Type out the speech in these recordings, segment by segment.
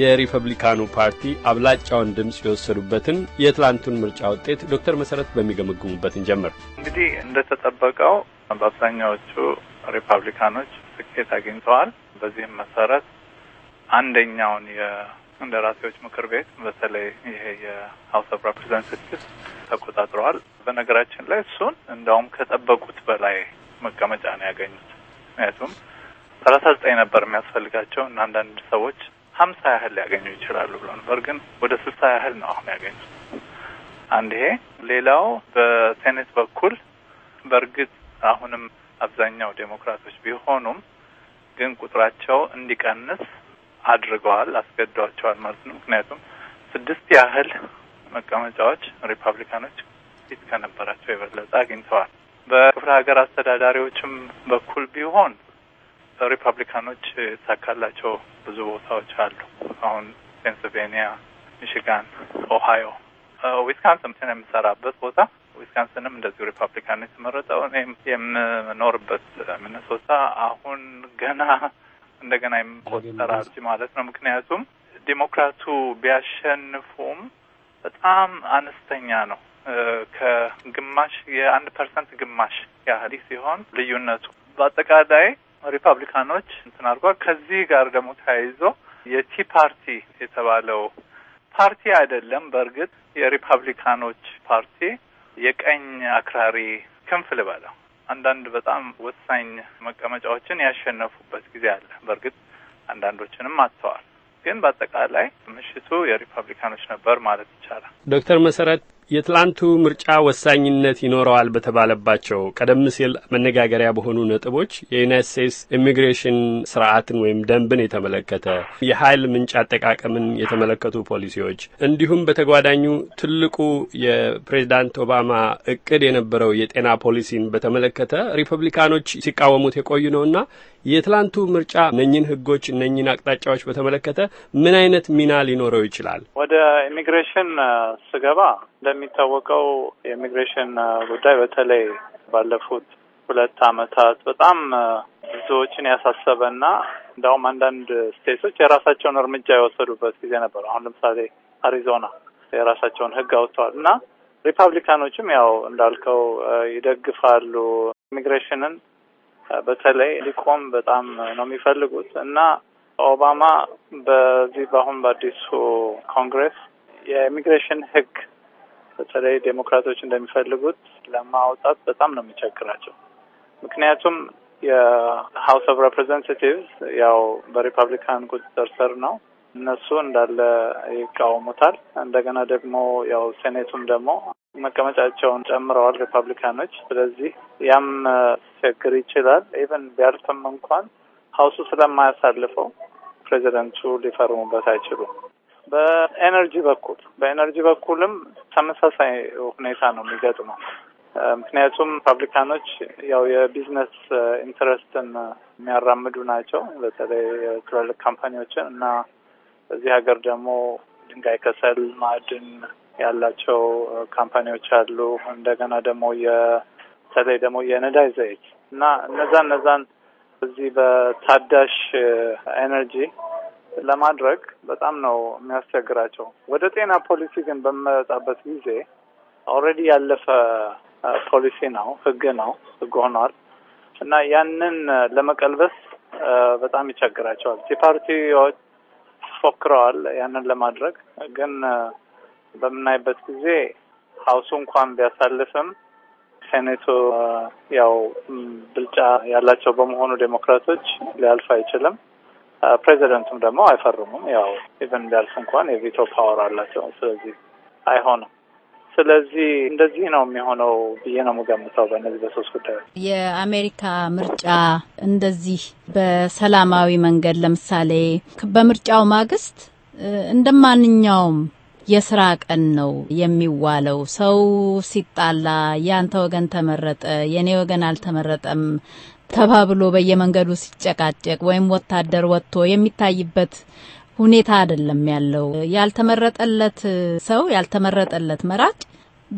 የሪፐብሊካኑ ፓርቲ አብላጫውን ድምፅ የወሰዱበትን የትላንቱን ምርጫ ውጤት ዶክተር መሰረት በሚገመግሙበትን ጀምር። እንግዲህ እንደተጠበቀው በአብዛኛዎቹ ሪፐብሊካኖች ስኬት አግኝተዋል። በዚህም መሰረት አንደኛውን የእንደራሴዎች ምክር ቤት በተለይ ይሄ የሀውስ ኦፍ ሬፕሬዘንታቲቭስ ተቆጣጥረዋል። በነገራችን ላይ እሱን እንደውም ከጠበቁት በላይ መቀመጫ ነው ያገኙት። ምክንያቱም ሰላሳ ዘጠኝ ነበር የሚያስፈልጋቸው እና አንዳንድ ሰዎች ሀምሳ ያህል ሊያገኙ ይችላሉ ብሎ ነበር፣ ግን ወደ ስልሳ ያህል ነው አሁን ያገኙት። አንድ ይሄ ሌላው በሴኔት በኩል በእርግጥ አሁንም አብዛኛው ዴሞክራቶች ቢሆኑም ግን ቁጥራቸው እንዲቀንስ አድርገዋል፣ አስገድደዋቸዋል ማለት ነው። ምክንያቱም ስድስት ያህል መቀመጫዎች ሪፐብሊካኖች ፊት ከነበራቸው የበለጠ አግኝተዋል። በክፍለ ሀገር አስተዳዳሪዎችም በኩል ቢሆን ሪፐብሊካኖች የተሳካላቸው ብዙ ቦታዎች አሉ። አሁን ፔንስልቬኒያ፣ ሚሽጋን፣ ኦሃዮ፣ ዊስካንስን የምሰራበት ቦታ ዊስካንስንም እንደዚሁ ሪፐብሊካን የተመረጠው። እኔም የምኖርበት ሚኒሶታ አሁን ገና እንደገና የሚቆጠራል ማለት ነው። ምክንያቱም ዲሞክራቱ ቢያሸንፉም በጣም አነስተኛ ነው። ከግማሽ የአንድ ፐርሰንት ግማሽ ያህል ሲሆን ልዩነቱ በአጠቃላይ ሪፐብሊካኖች እንትን አድርጓል። ከዚህ ጋር ደግሞ ተያይዞ የቲ ፓርቲ የተባለው ፓርቲ አይደለም፣ በእርግጥ የሪፐብሊካኖች ፓርቲ የቀኝ አክራሪ ክንፍ ልበለው አንዳንድ በጣም ወሳኝ መቀመጫዎችን ያሸነፉበት ጊዜ አለ። በእርግጥ አንዳንዶችንም አጥተዋል። ግን በአጠቃላይ ምሽቱ የሪፐብሊካኖች ነበር ማለት ይቻላል። ዶክተር መሰረት የትላንቱ ምርጫ ወሳኝነት ይኖረዋል በተባለባቸው ቀደም ሲል መነጋገሪያ በሆኑ ነጥቦች የዩናይት ስቴትስ ኢሚግሬሽን ስርዓትን ወይም ደንብን የተመለከተ የኃይል ምንጭ አጠቃቀምን የተመለከቱ ፖሊሲዎች፣ እንዲሁም በተጓዳኙ ትልቁ የፕሬዚዳንት ኦባማ እቅድ የነበረው የጤና ፖሊሲን በተመለከተ ሪፐብሊካኖች ሲቃወሙት የቆዩ ነውና የትላንቱ ምርጫ እነኝን ህጎች እነኝን አቅጣጫዎች በተመለከተ ምን አይነት ሚና ሊኖረው ይችላል? ወደ ኢሚግሬሽን ስገባ እንደሚታወቀው የኢሚግሬሽን ጉዳይ በተለይ ባለፉት ሁለት አመታት በጣም ብዙዎችን ያሳሰበና እንዲሁም አንዳንድ ስቴቶች የራሳቸውን እርምጃ የወሰዱበት ጊዜ ነበር። አሁን ለምሳሌ አሪዞና የራሳቸውን ህግ አውጥተዋል እና ሪፐብሊካኖችም ያው እንዳልከው ይደግፋሉ ኢሚግሬሽንን በተለይ ሊቆም በጣም ነው የሚፈልጉት እና ኦባማ በዚህ በአሁን በአዲሱ ኮንግረስ የኢሚግሬሽን ህግ በተለይ ዴሞክራቶች እንደሚፈልጉት ለማውጣት በጣም ነው የሚቸግራቸው። ምክንያቱም የሀውስ ኦፍ ሬፕሬዘንታቲቭስ ያው በሪፐብሊካን ቁጥጥር ስር ነው። እነሱ እንዳለ ይቃወሙታል። እንደገና ደግሞ ያው ሴኔቱም ደግሞ መቀመጫቸውን ጨምረዋል ሪፐብሊካኖች። ስለዚህ ያም ሊቸግር ይችላል። ኢቨን ቢያልፍም እንኳን ሀውሱ ስለማያሳልፈው ፕሬዚደንቱ ሊፈርሙበት አይችሉም። በኤነርጂ በኩል በኤነርጂ በኩልም ተመሳሳይ ሁኔታ ነው የሚገጥመው። ምክንያቱም ሪፐብሊካኖች ያው የቢዝነስ ኢንትረስትን የሚያራምዱ ናቸው፣ በተለይ ትላልቅ ካምፓኒዎችን እና እዚህ ሀገር ደግሞ ድንጋይ ከሰል፣ ማዕድን ያላቸው ካምፓኒዎች አሉ። እንደገና ደግሞ በተለይ ደግሞ የነዳጅ ዘይት እና እነዛን እነዛን እዚህ በታዳሽ ኤነርጂ ለማድረግ በጣም ነው የሚያስቸግራቸው። ወደ ጤና ፖሊሲ ግን በምመጣበት ጊዜ ኦልሬዲ ያለፈ ፖሊሲ ነው፣ ህግ ነው፣ ህግ ሆኗል እና ያንን ለመቀልበስ በጣም ይቸግራቸዋል። ፓርቲዎች ፎክረዋል ያንን ለማድረግ ግን በምናይበት ጊዜ ሀውሱ እንኳን ቢያሳልፍም ሴኔቱ ያው ብልጫ ያላቸው በመሆኑ ዴሞክራቶች ሊያልፍ አይችልም። ፕሬዚደንቱም ደግሞ አይፈርሙም። ያው ኢቨን ቢያልፍ እንኳን የቪቶ ፓወር አላቸው። ስለዚህ አይሆንም። ስለዚህ እንደዚህ ነው የሚሆነው ብዬ ነው የምገምተው። በእነዚህ በሶስት ጉዳዮች የአሜሪካ ምርጫ እንደዚህ በሰላማዊ መንገድ ለምሳሌ በምርጫው ማግስት እንደ ማንኛውም የስራ ቀን ነው የሚዋለው። ሰው ሲጣላ ያንተ ወገን ተመረጠ፣ የኔ ወገን አልተመረጠም ተባብሎ በየመንገዱ ሲጨቃጨቅ ወይም ወታደር ወጥቶ የሚታይበት ሁኔታ አይደለም ያለው። ያልተመረጠለት ሰው ያልተመረጠለት መራጭ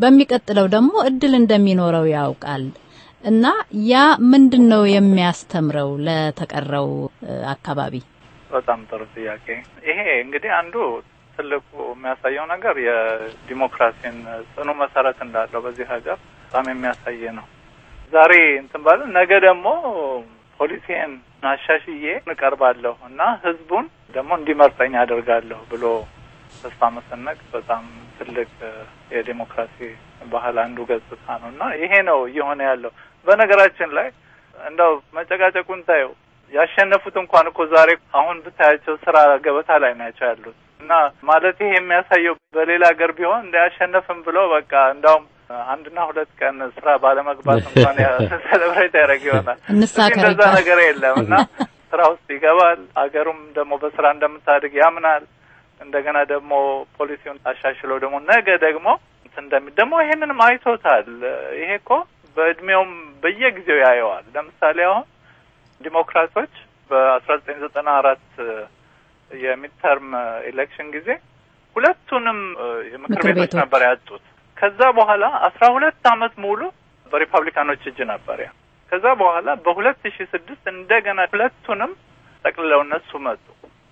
በሚቀጥለው ደግሞ እድል እንደሚኖረው ያውቃል። እና ያ ምንድን ነው የሚያስተምረው ለተቀረው አካባቢ? በጣም ጥሩ ጥያቄ። ይሄ እንግዲህ አንዱ ትልቁ የሚያሳየው ነገር የዲሞክራሲን ጽኑ መሰረት እንዳለው በዚህ ሀገር በጣም የሚያሳይ ነው። ዛሬ እንትን ባለ ነገ ደግሞ ፖሊሲን አሻሽዬ እንቀርባለሁ እና ህዝቡን ደግሞ እንዲመርጠኝ አደርጋለሁ ብሎ ተስፋ መሰነቅ በጣም ትልቅ የዴሞክራሲ ባህል አንዱ ገጽታ ነው እና ይሄ ነው እየሆነ ያለው። በነገራችን ላይ እንደው መጨቃጨቁን ታየው ያሸነፉት እንኳን እኮ ዛሬ አሁን ብታያቸው ስራ ገበታ ላይ ናቸው ያሉት። እና ማለት ይህ የሚያሳየው በሌላ ሀገር ቢሆን እንዳያሸነፍም ብሎ በቃ እንዳውም አንድና ሁለት ቀን ስራ ባለመግባት እንኳን ሰለብሬት ያደረግ ይሆናል። እንደዛ ነገር የለም እና ስራ ውስጥ ይገባል። አገሩም ደግሞ በስራ እንደምታድግ ያምናል። እንደገና ደግሞ ፖሊሲውን አሻሽሎ ደግሞ ነገ ደግሞ እንደሚ ደግሞ ይሄንንም አይቶታል። ይሄ እኮ በእድሜውም በየጊዜው ያየዋል። ለምሳሌ አሁን ዲሞክራቶች በአስራ ዘጠኝ ዘጠና አራት የሚድተርም ኤሌክሽን uh, ጊዜ ሁለቱንም uh, ምክር ቤቶች ነበር ያጡት። ከዛ በኋላ አስራ ሁለት አመት ሙሉ በሪፐብሊካኖች እጅ ነበር ያ። ከዛ በኋላ በሁለት ሺ ስድስት እንደገና ሁለቱንም ጠቅልለው እነሱ መጡ።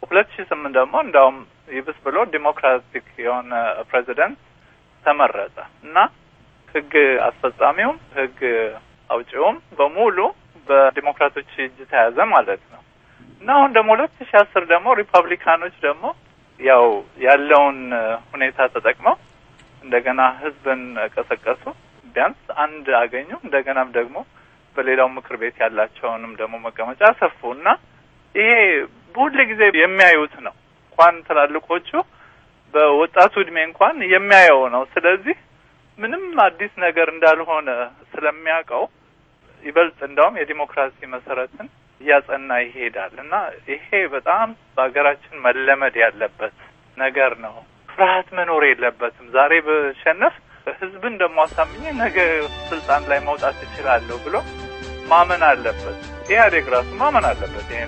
ሁለት ሺ ስምንት ደግሞ እንዲያውም ይብስ ብሎ ዲሞክራቲክ የሆነ ፕሬዚደንት ተመረጠ እና ህግ አስፈጻሚውም ህግ አውጪውም በሙሉ በዲሞክራቶች እጅ ተያዘ ማለት ነው። እና አሁን ደግሞ ሁለት ሺ አስር ደግሞ ሪፐብሊካኖች ደግሞ ያው ያለውን ሁኔታ ተጠቅመው እንደገና ህዝብን ቀሰቀሱ። ቢያንስ አንድ አገኙ። እንደገናም ደግሞ በሌላው ምክር ቤት ያላቸውንም ደግሞ መቀመጫ ሰፉ እና ይሄ በሁል ጊዜ የሚያዩት ነው። እንኳን ትላልቆቹ በወጣቱ እድሜ እንኳን የሚያየው ነው። ስለዚህ ምንም አዲስ ነገር እንዳልሆነ ስለሚያውቀው ይበልጥ እንደውም የዲሞክራሲ መሰረትን እያጸና ይሄዳል እና ይሄ በጣም በሀገራችን መለመድ ያለበት ነገር ነው። ፍርሃት መኖር የለበትም። ዛሬ በሸነፍ ህዝብን ደግሞ አሳምኜ ነገ ስልጣን ላይ መውጣት እችላለሁ ብሎ ማመን አለበት። ኢህአዴግ ራሱ ማመን አለበት ይሄ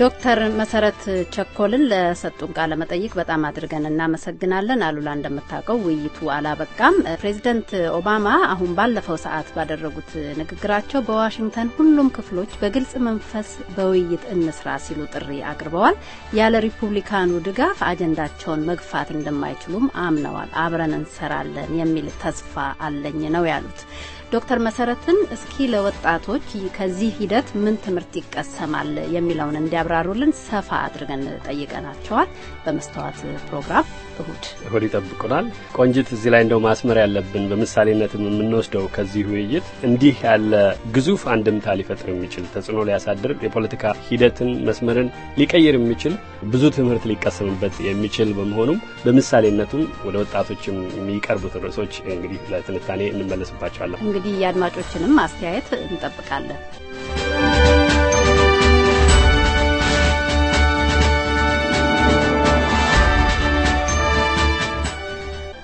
ዶክተር መሰረት ቸኮልን ለሰጡን ቃለ መጠይቅ በጣም አድርገን እናመሰግናለን። አሉላ እንደምታውቀው ውይይቱ አላበቃም። ፕሬዚደንት ኦባማ አሁን ባለፈው ሰዓት ባደረጉት ንግግራቸው በዋሽንግተን ሁሉም ክፍሎች በግልጽ መንፈስ በውይይት እንስራ ሲሉ ጥሪ አቅርበዋል። ያለ ሪፑብሊካኑ ድጋፍ አጀንዳቸውን መግፋት እንደማይችሉም አምነዋል። አብረን እንሰራለን የሚል ተስፋ አለኝ ነው ያሉት። ዶክተር መሰረትን እስኪ ለወጣቶች ከዚህ ሂደት ምን ትምህርት ይቀሰማል የሚለውን እንዲያብራሩልን ሰፋ አድርገን ጠይቀናቸዋል። በመስተዋት ፕሮግራም እሁድ እሁድ ይጠብቁናል። ቆንጅት፣ እዚህ ላይ እንደው ማስመር ያለብን በምሳሌነትም የምንወስደው ከዚህ ውይይት እንዲህ ያለ ግዙፍ አንድምታ ሊፈጥር የሚችል ተጽዕኖ ሊያሳድር የፖለቲካ ሂደትን መስመርን ሊቀይር የሚችል ብዙ ትምህርት ሊቀሰምበት የሚችል በመሆኑም በምሳሌነቱም ወደ ወጣቶችም የሚቀርቡት ርዕሶች እንግዲህ ለትንታኔ እንመለስባቸዋለን። እንግዲህ የአድማጮችንም አስተያየት እንጠብቃለን።